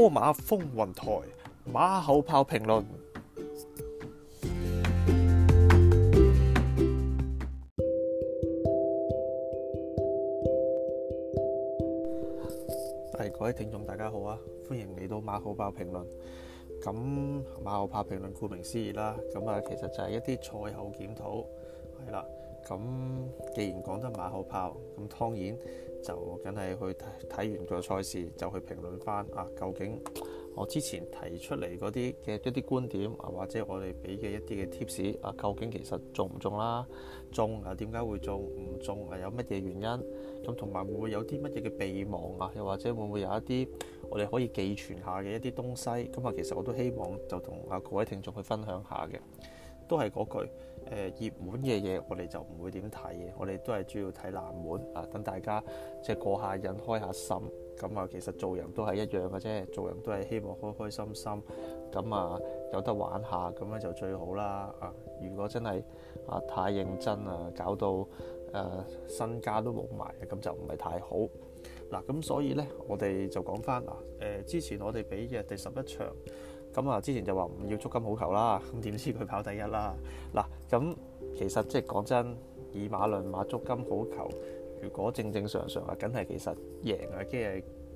波馬風雲台，馬後炮評論。係各位聽眾，大家好啊！歡迎嚟到馬後炮評論。咁馬後炮評論顧名思義啦，咁啊其實就係一啲賽後檢討。係啦，咁既然講得馬後炮，咁當然。就梗係去睇睇完個賽事，就去評論返啊，究竟我之前提出嚟嗰啲嘅一啲觀點，啊或者我哋俾嘅一啲嘅 tips，啊究竟其實中唔中啦？中啊點解會中？唔中啊，做做啊有乜嘢原因？咁同埋會唔會有啲乜嘢嘅備忘啊？又或者會唔會有一啲我哋可以寄存下嘅一啲東西？咁啊，其實我都希望就同啊各位聽眾去分享下嘅，都係嗰句。誒熱門嘅嘢，我哋就唔會點睇嘅。我哋都係主要睇冷門啊，等大家即係過下癮、開下心。咁啊，其實做人都係一樣嘅啫，做人都係希望開開心心。咁啊，有得玩下咁樣就最好啦。啊，如果真係啊太認真啊，搞到誒、啊、身家都冇埋，咁就唔係太好。嗱、啊，咁所以呢，我哋就講翻啊。誒，之前我哋畀嘅第十一場。咁啊，之前就話唔要足金好球啦，咁點知佢跑第一啦？嗱，咁其實即係講真，以馬論馬，足金好球，如果正正常常啊，梗係其實贏啊機啊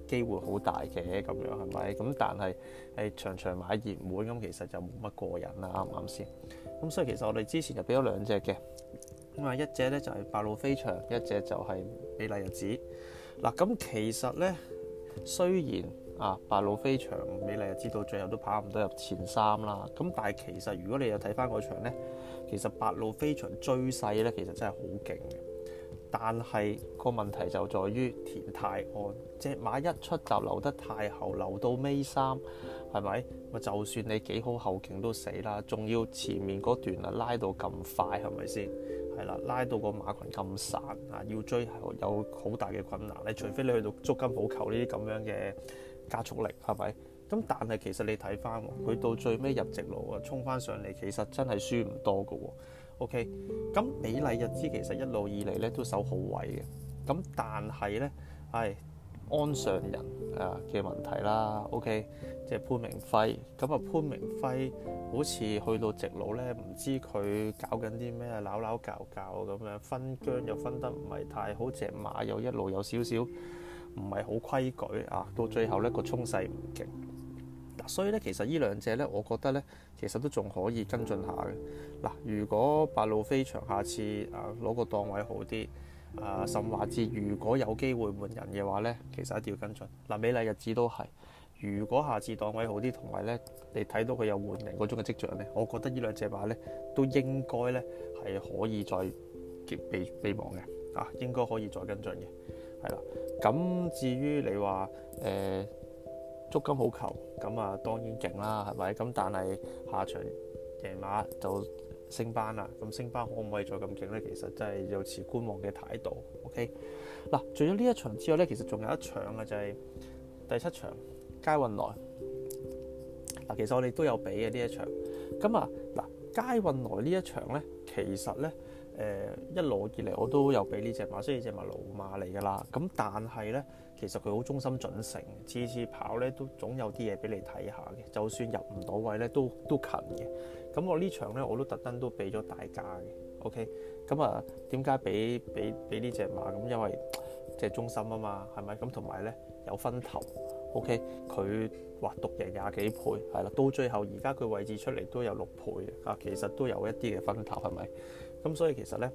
機會好大嘅咁樣係咪？咁但係係場場買熱門，咁其實就冇乜過癮啦，啱唔啱先？咁所以其實我哋之前就俾咗兩隻嘅，咁啊一隻咧就係白鷺飛翔，一隻就係美麗日子。嗱，咁其實咧雖然，啊！白鷺飛翔，美麗就知道最後都跑唔到入前三啦。咁但係其實如果你有睇翻嗰場咧，其實白鷺飛翔追勢呢，其實真係好勁嘅。但係個問題就在於田泰安隻馬一出就留得太後，留到尾三係咪？咪就算你幾好後勁都死啦，仲要前面嗰段啊拉到咁快係咪先？係啦，拉到個馬群咁散啊，要追後有好大嘅困難。你除非你去到足金好球呢啲咁樣嘅。加速力係咪？咁但係其實你睇翻，佢到最尾入直路啊，衝翻上嚟，其實真係輸唔多嘅喎。OK，咁美麗日之其實一路以嚟咧都守好位嘅。咁但係咧，係、哎、安上人啊嘅問題啦。OK，即係潘明輝。咁啊潘明輝好似去到直路咧，唔知佢搞緊啲咩啊，扭扭教教咁樣，分疆又分得唔係太好，隻馬又一路有少少。唔係好規矩啊，到最後呢個衝勢唔勁，所以呢，其實呢兩隻呢，我覺得呢，其實都仲可以跟進下嘅。嗱、啊，如果白鹿飛翔下次啊攞個檔位好啲，啊，甚或至如果有機會換人嘅話呢，其實一定要跟進。嗱、啊，美麗日子都係，如果下次檔位好啲，同埋呢，你睇到佢有換人嗰種嘅跡象呢，我覺得呢兩隻馬呢，都應該呢，係可以再備備忘嘅，啊，應該可以再跟進嘅。係啦，咁至於你話誒足金好球，咁啊當然勁啦，係咪？咁但係下場贏馬就升班啦，咁升班可唔可以再咁勁咧？其實真係有持觀望嘅態度。OK，嗱，除咗呢一場之外咧，其實仲有一場嘅就係第七場佳運來。嗱，其實我哋都有畀嘅呢一場。咁啊，嗱，佳運來呢一場咧，其實咧。誒一路以嚟，我都有俾呢隻馬，雖然隻馬老馬嚟㗎啦。咁但係咧，其實佢好忠心準誠，次次跑咧都總有啲嘢俾你睇下嘅。就算入唔到位咧，都都近嘅。咁我場呢場咧，我都特登都俾咗大家嘅。OK，咁啊，點解俾俾俾呢隻馬？咁因為即係忠心啊嘛，係咪？咁同埋咧，有分頭。OK，佢話獨贏廿幾倍係啦，到最後而家佢位置出嚟都有六倍啊。其實都有一啲嘅分頭係咪？是咁所以其實咧，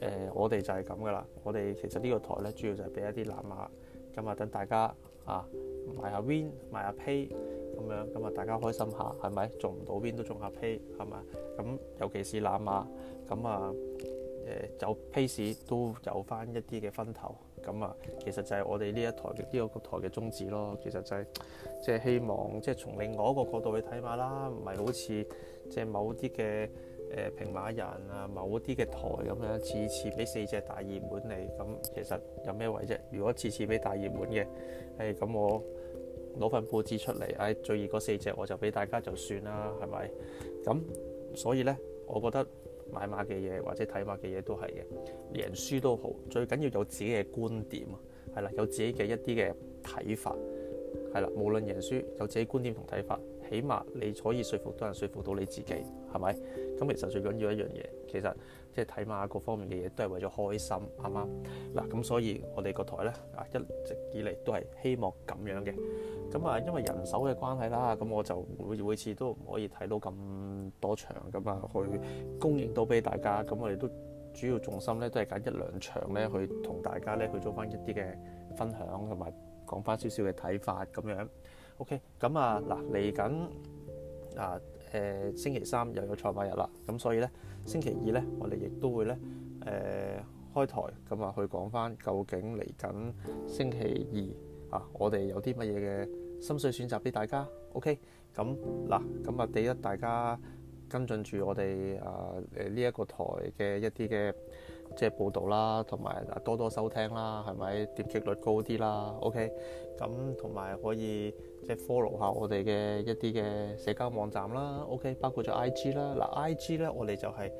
誒我哋就係咁噶啦。我哋其實呢個台咧，主要就係俾一啲冷馬，咁啊等大家啊買下 win，買下 pay 咁樣，咁啊大家開心下，係咪？做唔到 win 都做下 pay，係咪？咁尤其是冷馬，咁啊誒有 pay 市都有翻一啲嘅分頭，咁啊其實就係我哋呢一台嘅呢、這個台嘅宗旨咯。其實就係即係希望，即係從另外一個角度去睇下啦，唔係好似即係某啲嘅。誒平馬人啊，某啲嘅台咁樣，次次俾四隻大熱門你。咁其實有咩位啫？如果次次俾大熱門嘅，誒、哎、咁我攞份報紙出嚟，誒、哎、最熱嗰四隻我就俾大家就算啦，係咪？咁所以咧，我覺得買馬嘅嘢或者睇馬嘅嘢都係嘅，贏輸都好，最緊要有自己嘅觀點啊，係啦，有自己嘅一啲嘅睇法，係啦，無論贏輸，有自己觀點同睇法。起碼你可以說服多人，說服到你自己係咪？咁其實最緊要一樣嘢，其實即係睇馬各方面嘅嘢，都係為咗開心啱啱？嗱，咁所以我哋個台咧，啊一直以嚟都係希望咁樣嘅。咁啊，因為人手嘅關係啦，咁我就每每次都唔可以睇到咁多場，咁啊去供應到俾大家。咁我哋都主要重心咧，都係揀一兩場咧，去同大家咧去做翻一啲嘅分享，同埋講翻少少嘅睇法咁樣。OK，咁啊嗱，嚟緊啊誒星期三又有賽馬日啦，咁所以咧星期二咧，我哋亦都會咧誒、呃、開台，咁啊去講返究竟嚟緊星期二啊，我哋有啲乜嘢嘅心水選擇俾大家。OK，咁嗱，咁啊第一大家跟進住我哋啊誒呢一個台嘅一啲嘅。即係報道啦，同埋多多收聽啦，係咪點擊率高啲啦？OK，咁同埋可以即係、就是、follow 下我哋嘅一啲嘅社交網站啦。OK，包括咗 IG 啦，嗱 IG 咧我哋就係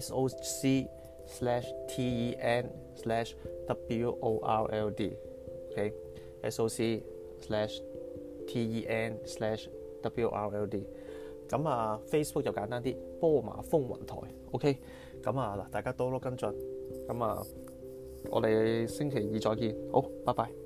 SOC/TEN/WORLD。OK，SOC/TEN/WORLD。咁、okay? so、啊 Facebook 就簡單啲，波馬風雲台。OK，咁啊嗱，大家多多跟進。咁啊，那我哋星期二再見，好，拜拜。